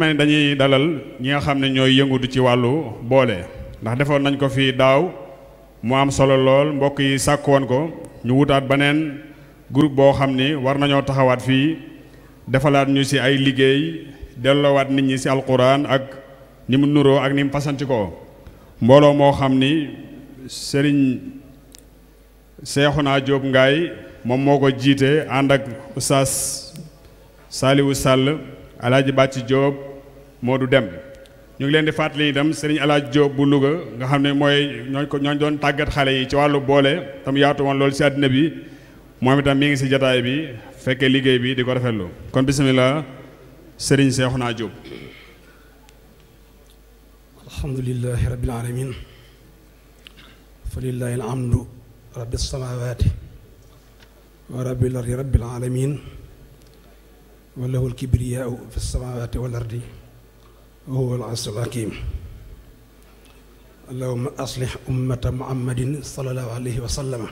ma ni dañuy dalal ñi nga xam ne ñooy yëngudu ci wàllu boole ndax defoon nañ ko fii daaw mu am solo lool mbokk yi sàkk woon ko ñu wutaat beneen groupe boo xam ni war nañoo taxawaat fii defalaat ñu si ay liggéey delloowaat nit ñi si alquran ak ni mu nuroo ak ni mu fasanti ko mbooloo moo xam ni sëriñ naa Jóob ngay moom moo ko jiite ànd ak oustaz Saliwu Sàll alaaji Bàcci Jóob Modou Deme ñu ngi leen di fàttali itam sëriñ El Hadj bu Louga nga xam ne mooy ñooñ ko ñooñ doon tàggat xale yi ci wàllu boole tam yaatu woon loolu si àddina bi moom itam mi ngi si jataay bi fekkee liggéey bi di ko rafetlu kon bisimilah Serigne Cheikhouna Diop. alhamdulilahi rabbil alamin falillahi alhamdu rabbi samawati wa rabbil ardi rabbil alamin wa lahu alkibriyaau fi samawati wal ardi وهو العز الحكيم اللهم أصلح أمة محمد صلى الله عليه وسلم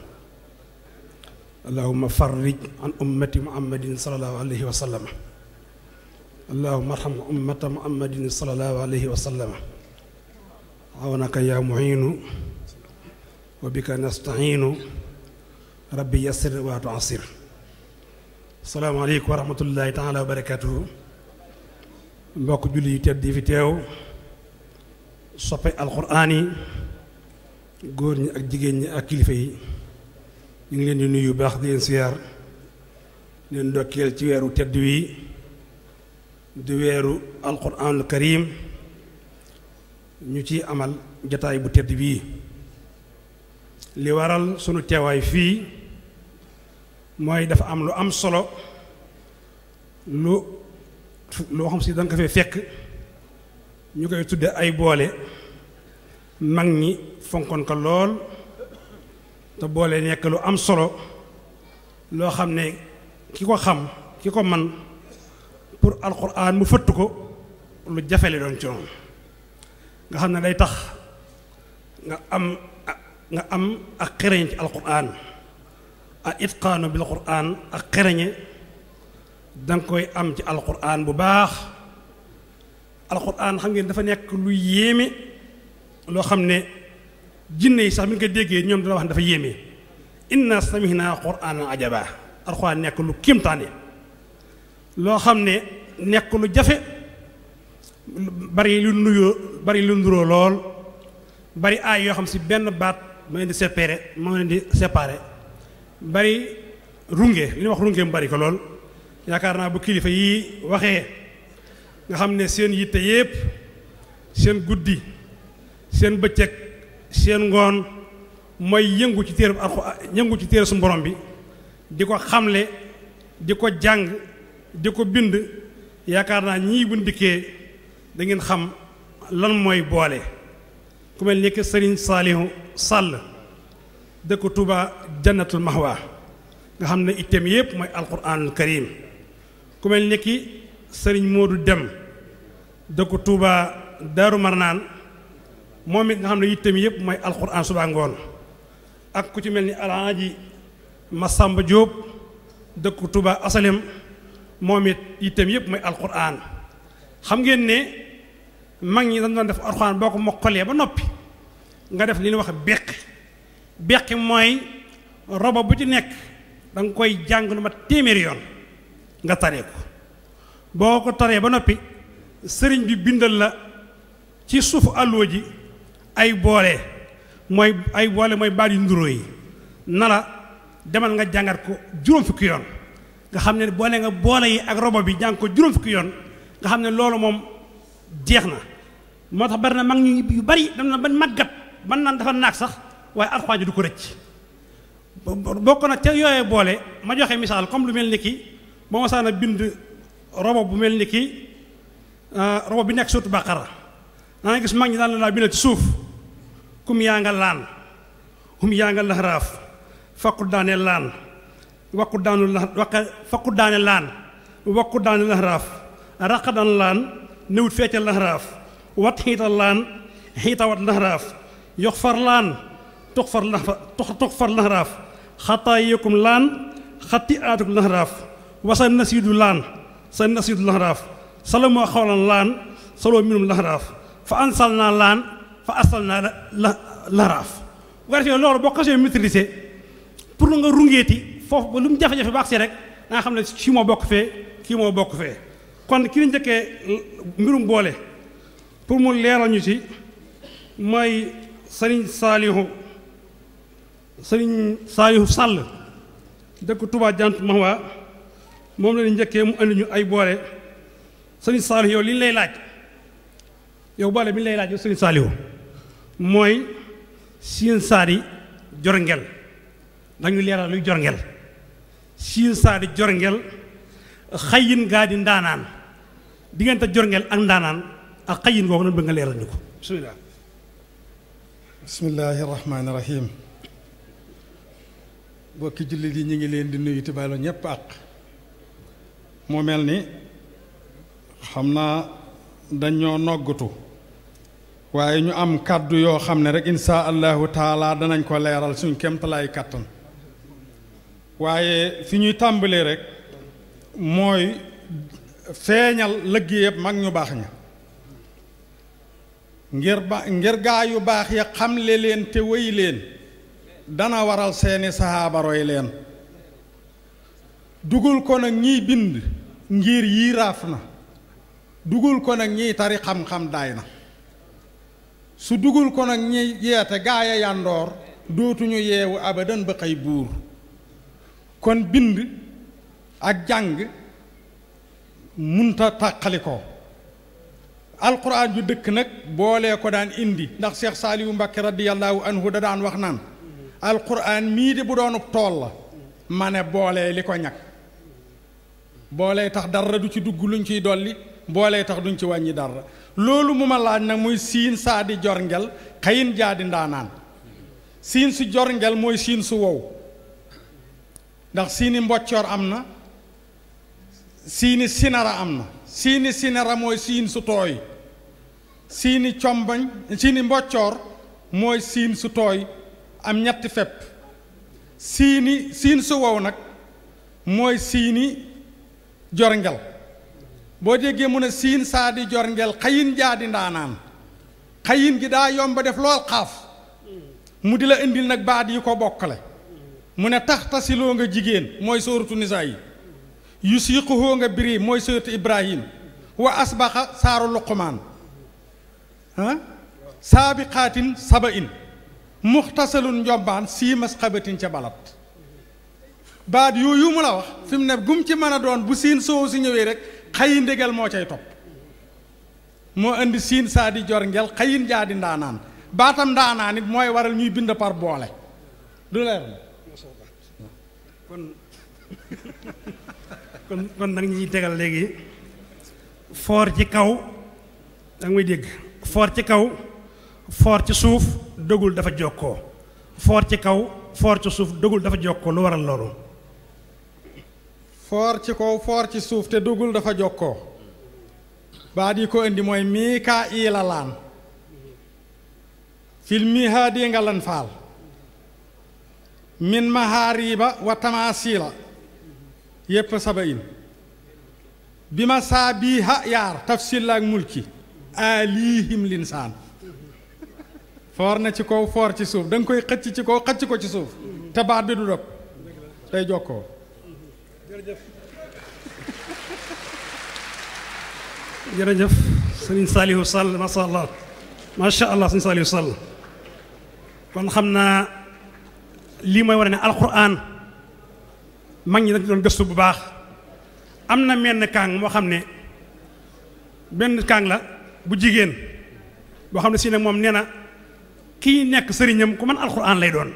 اللهم فرج عن أمة محمد صلى الله عليه وسلم اللهم ارحم أمة محمد صلى الله عليه وسلم عونك يا معين وبك نستعين ربي يسر وتعسر السلام عليكم ورحمة الله تعالى وبركاته mbokk julli yu tedd yi fi teew soppe alxuraan yi góor ñi ak jigéen ñi ak kilifa yi ñu ngi leen di nuyu baax di leen siyaar leen ndokkeel ci weeru tedd wi di weeru alxuraanul karim ñu ci amal jataay bu tedd bii li waral sunu teewaay fii mooy dafa am lu am solo lu loo xam si danga ko fee fekk ñu koy tudde ay boole mag ñi fonkoon ko lool te boole nekk lu am solo loo xam ne ki ko xam ki ko man pour alxuraan mu fëtt ko lu jafele doon ci nga xam ne day tax nga am nga am ak xereñ ci alxuraan a itqaanu bil xuraan ak xereñe danga koy am ci alquran bu baax alquran xam ngeen dafa nekk lu yéeme loo xam ne jinne yi sax mi nga ko déggee ñoom dana wax ne dafa yéeme inna samihna quraanan ajaba alquran nekk lu kéemtaane loo xam ne nekk lu jafe bari lu nuyoo bari lu nuroo lool bari aay yoo xam si benn baat moo leen di séparé moo leen di séparé bari runge li ñuy wax runge mu bari ko lool yaakaar naa bu kilifa yi waxee nga xam ne seen yitte yépp seen guddi seen bëccëg seen ngoon mooy yëngu ci téere yëngu ci téere suñu borom bi di ko xamle di ko jàng di ko bind yaakaar naa ñii bu ndikkee da xam lan mooy boole ku mel ni sëriñ Saalihu Sàll dëkk Tuuba Jannatul Mahwa nga xam ne itteem yépp mooy alquranul karim ku mel ni ki sëriñ Modou Dem dëkku Touba Daaru Marnaan moom it nga xam ne yitteem yëpp mooy alxuraan suba ngoon ak ku ci mel ni alxaaji Masamba Diop dëkku Touba Asalem moom it yitteem yëpp mooy alxuraan xam ngeen ne mag ñi dañ doon def alxuraan boo ko mokkalee ba noppi nga def li ñuy wax beqi beqi mooy roba bu ci nekk danga koy jàng lu ma téeméeri yoon nga taree ko boo ko taree ba noppi sëriñ bi bindal la ci suufu àlluwa ji ay boole mooy ay boole mooy baat yu nduróo yi na la demal nga jàngat ko juróom fukki yoon nga xam ne boole nga boole yi ak robo bi jàng ko juróom fukki yoon nga xam ne loolu moom jeex na moo tax bari na mag ñu yu bari dem na ba màggat man naan dafa naag sax waaye alxuraan ji du ko rëcc bokk na ca yooyee boole ma joxe misaal comme lu mel ni ki ba masaan bind robo bu mel ni ki ah, robo bi nekk suutu bàqara daana gis mag ñi daan la laa bindal ci suuf kum yaa nga laan hum yaa nga laxraaf fakku daane laan wakku daane laan raqadan laan nëwut feeca laxraaf wat xiita laan xiitawat laxraaf yox far laan tux far lax far laxraaf xataa yeekum laan xatti aatuk laxraaf wasa nasiidu laan sa nasiidu laxaraaf salamoo xawlan laan saloo minum laxaraaf fa ansal naa laan fa asal naa la laxaraaf bu ko defee loolu boo xasee maîtriser pour nga rungeeti foofu ba lu mu jafe-jafe baax si rek danga xam ne kii moo bokk fee kii moo bokk fee kon ki ñu njëkkee mbirum boole pour mu leeral ñu ci mooy sëriñ saalihu sëriñ saalihu sàll dëkk Touba jant Mahwa moom la njëkkee mu andi ñu ay boole sëriñ Saaliw yow li ñu lay laaj yow boole bi ñu lay laaj yow sëriñ mooy siin saari jorngel dañu leeral luy jorngel siin saari jorngel xayin gaa di ndaanaan diggante jorngel ak ndaanaan ak xayin googu nag bëgg nga leeral ñu ko bismillah bismillahi rahmaani rahim bokki jullit yi ñu ngi leen di nuyu tibalo ñëpp ak mu mel ni xam naa dañoo noggatu waaye ñu am kàddu yoo xam ne rek insha allahu taala danañ ko leeral suñ kemtalaay kàttan waaye fi ñuy tàmbalee rek mooy seeñal liggéeyab mag ñu baax ña ngir ba ngir gaa yu baax ya xamle leen te wéy leen dana waral seeni saxaaba roy leen dugul ko nag ñiy bind ngir yii raaf na dugul ko nag ñiy tari xam-xam daay na su dugul ko nag ñiy yeete gaaya yàndoor dootuñu yeewu abadan ba xëy buur kon bind ak jàng munta tàqali ko alxuraan ju dëkk nag boolee ko daan indi ndax Cheikh Saliou Mbacké radiyallahu anhu da daan wax naan alxuraan mii di bu doonub tool la ma ne boolee li ko ñakk boolee tax dara du ci dugg luñ ciy dolli boolee tax duñ ci wàññi dara loolu mu ma laaj nag muy siin saa di jor ngel xayin jaadi ndaanaan siin si jorngel mooy siin su wow ndax siini mboccor am na siini sinara am na siini sinara siin su siini combañ siini mboccoor mooy siin su tooy am ñetti fepp siini siin su wow nag mooy siini jorngel boo déggee mu a siin saa di jorngel xayin jaa di ndaanaan xayin gi daa yomb def lool xaaf mu di la indil nag baat yi ko bokkale mu ne tax tasiloo nga jigéen mooy sóoratu nisaa yi yu siiquhoo nga biri mooy sóoratu ibrahim wa asbaxa saaru luqumaan saabiqaatin saba in muxtasalun njombaan siimas xabatin ca balat baat yooyu mu la wax fi mu ne gum ci mën a doon bu siin soow si ñëwee rek xayi ndégal moo cay topp moo indi siin saa di jor ngel xayin jaa di ndaanaan baatam ndaanaan it mooy waral ñuy bind par boole du leer kon kon kon nag ñuy tegal léegi foor ci kaw danga may dégg foor ci kaw foor ci suuf dogul dafa jokkoo foor ci kaw foor ci suuf dogul dafa jokkoo lu waral loolu foor ci kaw foor ci suuf te dugul dafa jokkoo baat ko indi mooy miikaa iila laan fil miihaadi nga lan faal min mahaariba wa tamaasiila yépp saba in bi ma saa bii ha yaar tafsilaak mulki aaliihim linsaan foor na ci kaw foor ci suuf da koy xëcc ci kaw xëcc ko ci suuf te baat bi du dog tey jokkoo jërëjëf jërëjëf sëriñ Saliou Sall macha allah macha allah sëriñ Sall kon xam naa lii mooy wane ne alquran mag ñi dañ doon gëstu bu baax am na menn kàng moo xam ne benn kàng la bu jigéen boo xam ne si ne moom nee na kii nekk sëriñam ku mën alquran lay doon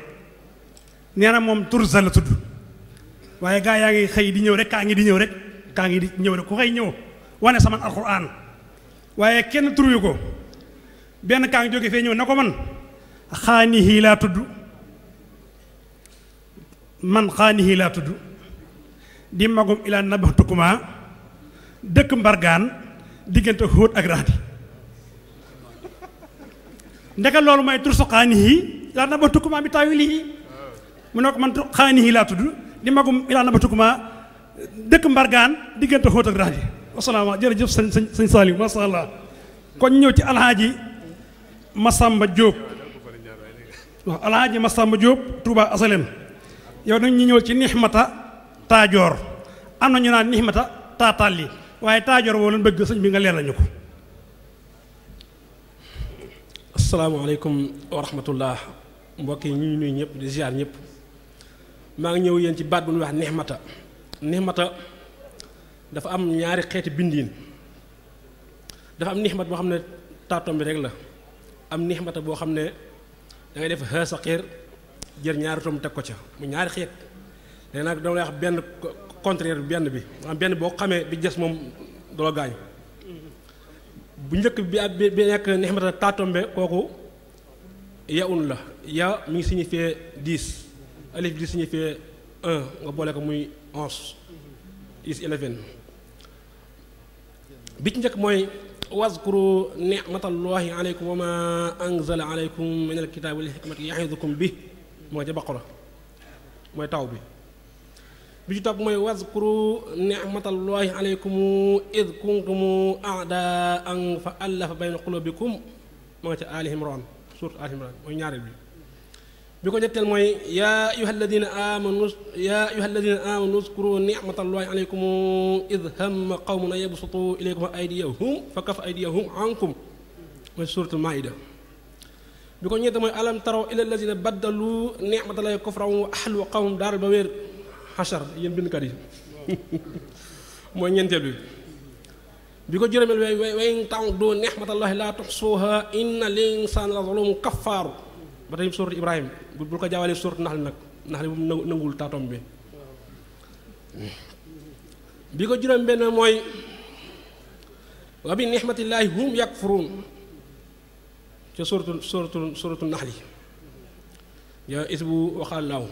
nee na moom turza la tudd waaye gaa yaa ngi xëy di ñëw rek kaa ngi di ñëw rek kaa ngi ñëw rek ku xëy ñëw wane sama alxuraan waaye kenn turuyu ko benn kaa ngi jóge fee ñëw na ko man xaanihi laa tudd man xaanihi laa tuddu di magum ilaa nabaxtukuma dëkk mbargaan diggante xóot ak raxdi ndeka loolu mooy tur su xaanihi laa nabaxtukuma bi taawilihi mu ne ko man xaanihi laa tudd di magum ilaa nabatukuma dëkk mbargaan diggante xóot ak raaj wasalaama jërëjëf sëñ sëñ sëñ Saliou masha Allah kon ñëw ci alhaaji Masamba Diop waaw alhaaji Masamba Diop Touba Asalem yow nag ñëw ci nixmata taajoor am na ñu naan nixmata taataalli waaye taajoor woo leen bëgg sëñ bi nga leer lañu ko asalaamaaleykum wa rahmatullah mbokk yi ñu nuyu ñëpp di ziar ñëpp maa ngi ñëw yéen ci baat bu ñuy wax nexmata nexmata dafa am ñaari xeeti bindiin dafa am nexmat boo xam ne taatom rek la am nexmata boo xam ne da ngay def xëy sa xiir jël ñaari tom teg ko ca mu ñaari xeet léegi nag dama lay wax benn contraire bi benn bi maanaam benn boo xamee bi des moom du la gaañ bu njëkk bi ab bi nekk nexmata taatombe kooku yaun la ya mu ngi signifie dix alif di boole ko muy onze is ci njëkk mooy waskuru nicmatallahi aleykum wa ma anzala aleykum min alkitabi wal hikmati yaxidukum bi moo ca baqara mooy taw bi bi ci topp mooy waskuru nicmatallahi aleykum id kuntum aadaan fa allafa bayna qulubikum moo ca ali imran surat ali imran mooy ñaareel bi bi ko ñetteel mooy yaa ayuha alladina amanu yaa ayuha alladina amanu uzkuru nicmatallahi aleykum id hamma qawmun an yabsutu ilaykum aydiyahum fa kafa aydiyahum ankum mooy suratul maida bi ko ñetteel mooy alam taraw ila alladina baddalu nicmatallahi kufran wa ahlu qawmum daaral ba wéer xachar yéen bindkat yi mooy ñeenteel bi bi ko juróomeel way way way taw doo nicmatallahi laa tuxsuuha inna l insana la zalum kaffaaru ba tey suuratu Ibrahima bu bu ko jaawalee suuratu Nahl nag Nahl bu nanguwul taatom bi bi ko juróom benn mooy wa bi nixmatillaahi hum yakfuruun ca suuratu suuratu suuratu Nahl yaa isbu waxallaahu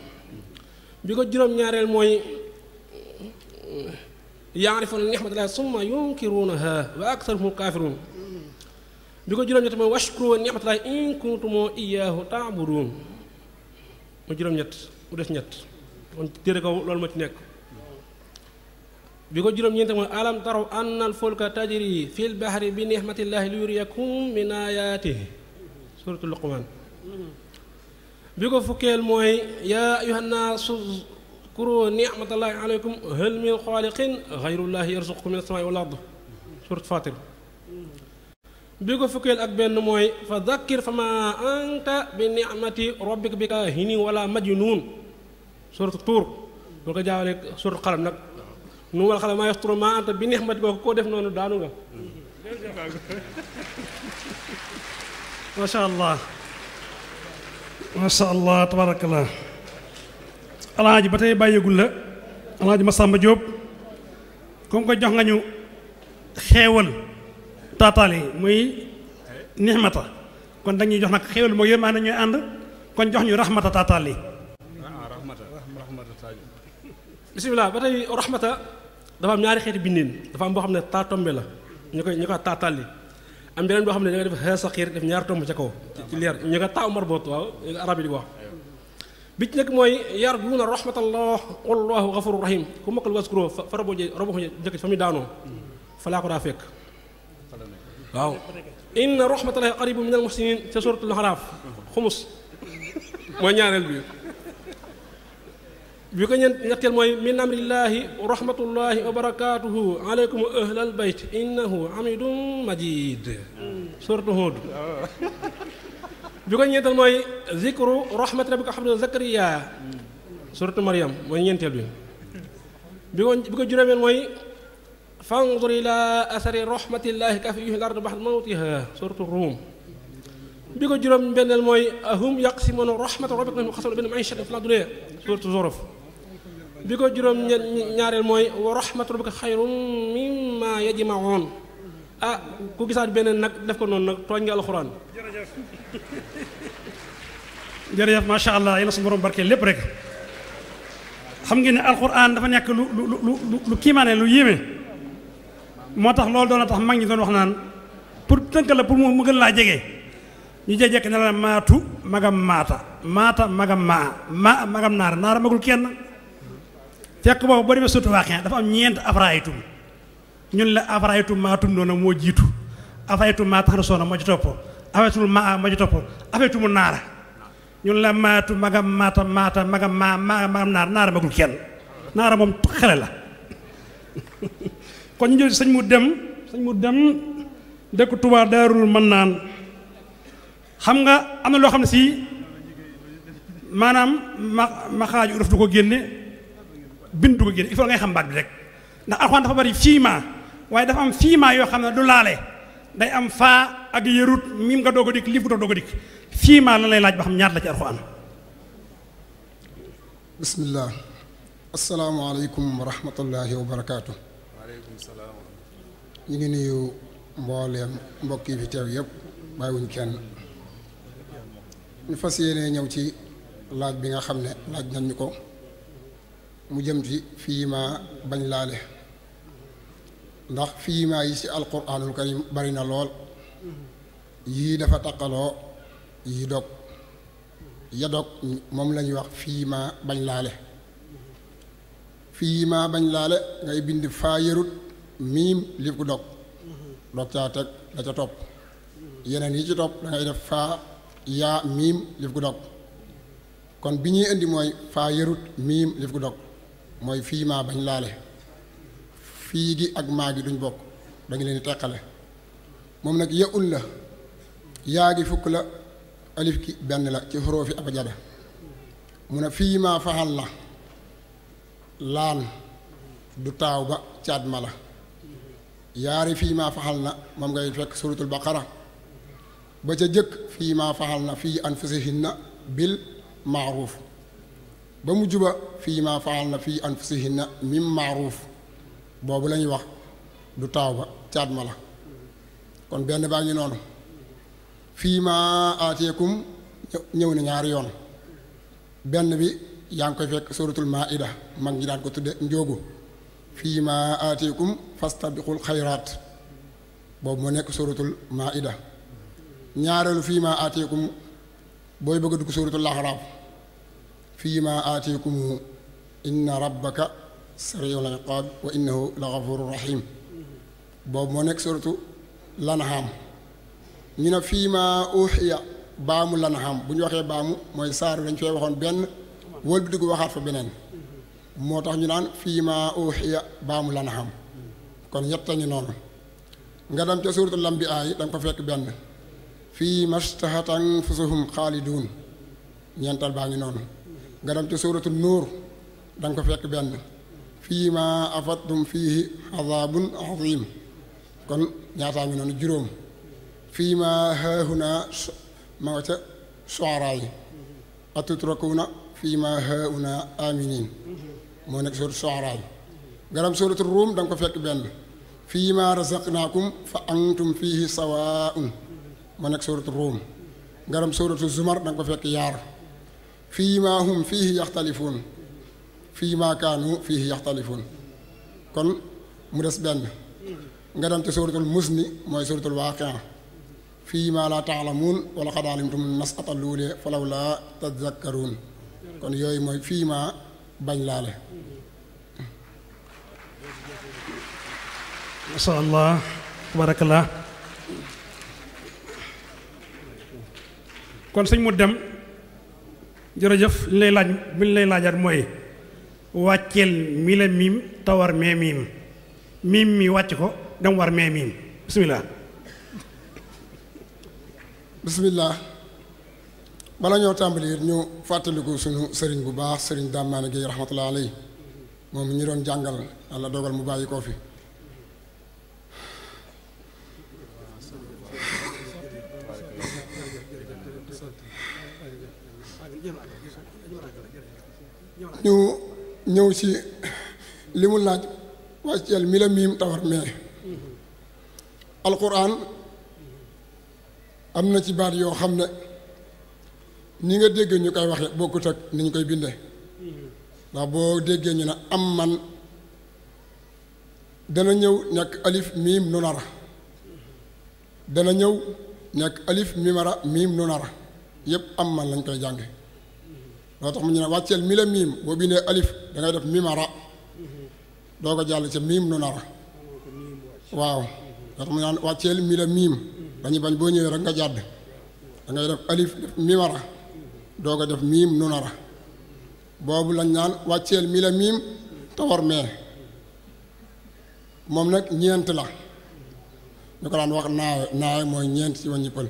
bi ko juróom ñaareel mooy yaarifuuna nixmatallaahi summa yunkiruunahaa wa aktaruhum kaafiruun bi ko juróom-ñett mooy washkuru ni'matallahi in kuntum iyyahu ta'budun mu juróom-ñett mu des ñett kon téere kaw loolu moo ci nekk bi ko juróom-ñeent mooy alam taraw anna al fulka fil bahri bi ni'matillahi li yuriyakum min ayatihi suratu bi ko fukkeel mooy yaa ayyuhannaas uzkuru ni'matallahi alaykum hal min xaaliqin yarzuqukum min as-samaa'i wal ard surat fatir bi ko fukkeel ak benn mooy fa dakkir fa ma anta bi ni'mati rabbika bi kaahini wala majnuun suratu tuur boo ko jaawale suratu xalam nag nu wal xalam maa yastur ma anta bi ni'mati kooku koo def noonu daanu nga masha allah masha allah tabarakallah alaaji ba tey Jóob comme ko jox nga ñu xeewal taataale mooy nixmata kon dañuy jox nag xéwal moo yërmaa ne ñooy ànd kon jox ñu raxmata taataale bisimilah ba tey raxmata dafa am ñaari xeeti bindin dafa am boo xam ne taa tombe la ñu koy ñu koy taataale xam ne da nga def xee saxiir def ñaari tomb ca kaw ci leer ñu ko taa marboot waaw arab yi di wax bi ci nag mooy yarjuuna rahmatallah wallahu gafuur rahim ku makkal waskuro fa raboo je njëkk fa muy daanoo fa laa ko daa fekk waaw inna rahmatallahi qaribun min al muhsinin ca suratul xaraaf xumus mooy ñaareel bi bi ko ñeent ñetteel mooy min amrillahi rahmatullahi wa barakatuhu aleykum ahlal bayt innahu hamidum majid suratu Hud bi ko ñeenteel mooy zikru rahmat rabbika xabdu zakariya suratu Maryam mooy ñeenteel bi bi ko bi ko juróomeel mooy fanzur ila asari rahmatillahi kafihil ardu ruum bi ko juróom benneel mooy ahum yaqsimuna rahmata rabbika xasam benn maishatin fil dunya bi ko juróom ñaareel mooy wa rahmatu rabbika xayrun mimma yajmaun ah ku gisaat beneen nag def ko noonu nag tooñ nga alxuraan jërëjëf macha allah yéen a suñu borom barkeel lépp rek xam ngeen ne alxuraan dafa nekk lu lu lu lu kiimaane lu yéeme moo tax loolu doon a tax mag ñi doon wax naan pour tënk la pour mu gën laa jege ñu jekk ne la maatu magam maata maata magam maa ma magam naara naara magul kenn fekk boobu boo demee sutu waaqe dafa am maa magam maata naara magul kenn naara moom xale la kon ñu jël sëñ mu dem sëñ mu dem dëkk Touba Daarul Mannaan xam nga am na loo xam ne si maanaam ma maxaaju uruf du ko génne bind du ko génne il faut ngay xam baat bi rek ndax alxuraan dafa bari fiima waaye dafa am fiima yoo xam ne du laale day am faa ak yërut miim nga doog a dikk liif nga doog a dikk lay laaj ba xam ñaar la ci alxuraan bismillah assalaamu aleykum wa rahmatullahi wa barakaatu ñu ngi nuyu mbooleem mbokk yi fi teew yëpp bàyyiwuñ kenn ñu fas yéene ñëw ci laaj bi nga xam ne laaj nañ ko mu jëm ci fii ma bañ laale ndax fii ma yi ci alquranul karim bari na lool yii dafa taqaloo yi dog ya dog moom lañuy wax fii bañ laale fii ma bañ laale ngay bind faa yërut miim lif gu dog dog caa teg la ca topp yeneen yi ci topp da ngay def faa yaa miim lif gu dog kon bi ñuy indi mooy faa yërut miim lif gu dog mooy fii maa bañ laale fii gi ak maa gi duñ bokk dañu leen di teqale moom nag yëul la yaa gi fukk la alif ki benn la ci xoroofi abajada mu ne fii maa faxal la laan du taaw ba caat ma la yaari fii maa faxal na moom ngay fekk suratul baqara ba ca jëkk fii maa faxal na fii anfusihinna bil maaruuf ba mu juba fii maa faxal na fii anfusihinna mim maaruuf boobu la ñuy wax du taaw ba caat ma la kon benn baa ngi noonu fii maa aateekum ñëw na ñaari yoon benn bi yaa ngi koy fekk suratul maida mag ñi daan ko tudde njoogu fii ma aatikum fastabiqul boobu moo nekk suratul maida ñaareelu fii ma aatikum booy moo nekk suratu ñu ne fii ma uxiya baamu lanhaam bu ñu waxee baamu mooy saar dañ fee waxoon benn wëlbatiku waxaat fa beneen moo tax ñu naan fii ma uxiya baamu lana xam kon ñett ñu noonu nga dem ca suuratul anbiyaa yi da nga fa fekk benn fii mastahat anfusuhum xaaliduun benn fii ma afattum fiihi azaabun aziim kon ñaataa ngi noonu juróom fii ma haahuna ma nga ca suaraa yi atutrakuna fii ma haahuna aminin moo nekk suuratu Shu'araa nga dem suuratu Ruum da ko fekk benn fii maa razaqnaakum fa antum fiihi sawaa'un moo nekk suuratu Ruum nga dem suuratu Zumar da ko fekk yaar fii maa hum fiihi yaxtalifuun fii maa kaanu fiihi yaxtalifuun kon mu des benn nga dem ci suuratul musni mooy suuratul waaqia fii maa laa taalamuun wala xad nas atalluulee falaw laa tazakkaruun kon yooyu mooy fii bañ laale masha allah tabarakallah kon sëñ mu dem jërëjëf li lay laaj bi lay laajaat mooy wàcceel mi la miim te war miim mi wàcc ko dem war mee miim bismillah bala ñoo tàmbali ñu fàttaliku suñu sëriñ bu baax sëriñ Dame Mané Guèye moom ñi doon jàngal yàlla dogal mu bàyyi koo fi ñu ñëw ci li mu laaj wàcceel mi la miim tawar mais alquran am na ci baat yoo xam ne ni nga déggee ñu koy waxe bokkut ak ni ñu koy bindee ndax boo déggee ñu ne am man dana ñëw nekk alif miim nunara dana ñëw nekk alif mimara miim nunara yëpp am man lañ koy jàng loo tax mu ñu ne wàcceel mi la miim boo bindee dangay def mimara ko jàll ca miim nunara waaw loo tax mu naan wàcceel mi la miim dañu bañ boo ñëwee rek nga jàdd dangay def alif def mimara doog a def miim nu nara boobu lañ naan wàcceel mi la miim te war mee moom nag ñeent la ñu ko daan wax naawe naawe mooy ñeent ci wàññi pël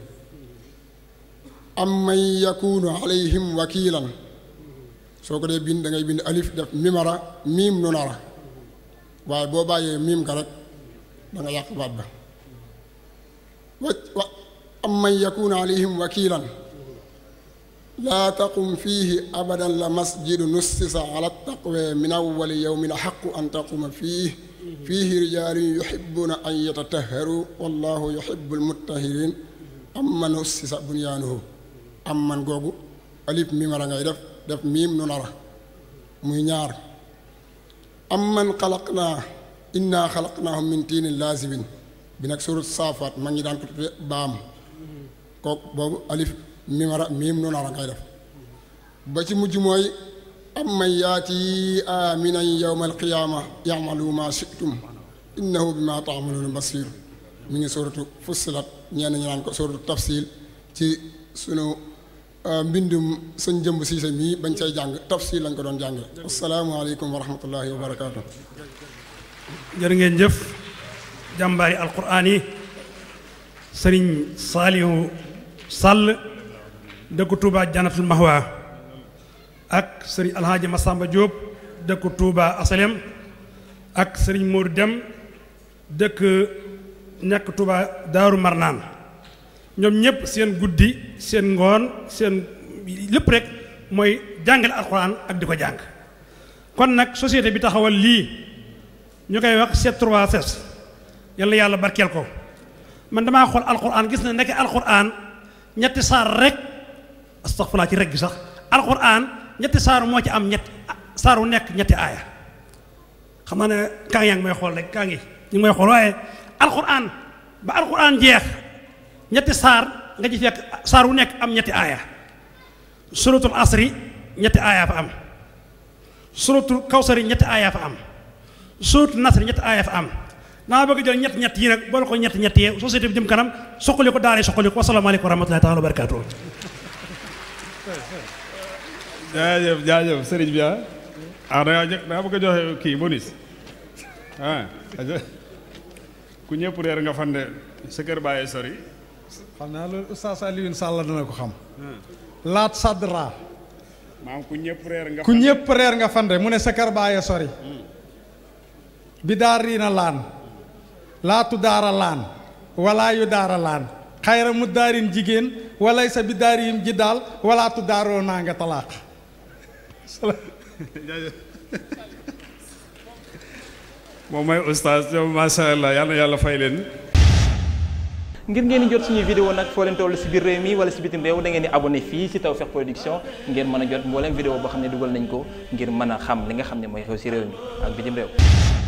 am man yakunu alayhim wakiilan soo ko dee bind da bind alif def mimara miim nu nara waaye boo bàyyee miim ka rek da yàq baat ba wa wa am man yakunu alayhim wakiilan laa taqum fiihi abadan la masjidu nussisa ala taqwa min awwali yawmin axaqu an taquma fiih fiihi rijaalun yuhibbuuna an yatatahharu wallahu yuhibbul muttahirin amman nussisa bunyaanuhu amman googu alif miim la ngay def def miim nu nara muy ñaar amman xalaqnaa innaa xalaqnaahum min tiinin laazibin bi nag suurat saafaat ma ngi daan ko baam kooku boobu alif mimara miim noonu la def ba ci mujj mooy am man yaati aminan yowma alqiyaama yamalu ma shitum innahu bi ma taamaluuna basir mi ngi sóoratu fussilat ñeen ñu naan ko sóoratu tafsil ci sunu ah, mbindum sëñ jëmb siise mii bañ cay jàng tafsil lañ ko doon jàngale asalaamualeykum wa rahmatullahi wa barakaatu jërë ngeen jëf jàmbaari alquraan yi saalihu sàll dëkku Touba Jannatul Mahwa ak sëriñ Alhaji Massamba Diop dëkku Touba Asalem ak sëriñ Modou Dem dëkk nekk Touba Daaru Marnaan ñoom ñëpp seen guddi seen ngoon seen lépp rek mooy jàngale alxuraan ak di ko jàng kon nag société bi taxawal lii ñu koy wax C3S yàlla yàlla barkeel ko man damaa xool alxuraan gis na nekk alxuraan ñetti saar rek astaghfirullah ci rek gi sax alquran ñetti saaru moo ci am ñetti wu nekk ñetti aaya xam naa ne kaa yaa ngi may xool rek kaa ngi ñu ngi may xool waaye alquran ba alquran jeex ñetti saar nga ci fekk saar wu nekk am ñetti aaya suratul asri ñetti aaya fa am suratul kawsari ñetti aaya fa am suratul nasri ñetti aaya fa am naa bëgg jël ñett ñett yi rek boole ko ñett ñett yee société bi jëm kanam soqali ko daara soqali ko wasalaamaaleykum wa rahmatullahi jaajëf jaajëf sëriñ bi ah ah da ngaa bëgg a joxe kii bonus ah, ku ñëpp reer nga fande sa kër bàyyee sori xam naa loolu oustaz Alioune Sall dana ko xam laat sadra maam ku ñëpp reer nga fande mu ne sa kër bàyyee sori hmm. bi daar laan laatu daara laan walaa yu daara laan xayra mu daarin jigéen walay sa bi daariyim ji daal walaatu daaroo naa nga talaaq moom mooy oustaz yow macha allah yàlla fay leen. ngir ngeen di jot suñuy vidéo nag foo leen toll si biir réew mi wala si bitim réew da ngeen di abonné fii si Tawfekh Production ngeen mën a jot mbooleem vidéo boo xam ne dugal nañ ko ngir mën a xam li nga xam ne mooy xew si réew mi ak bitim réew.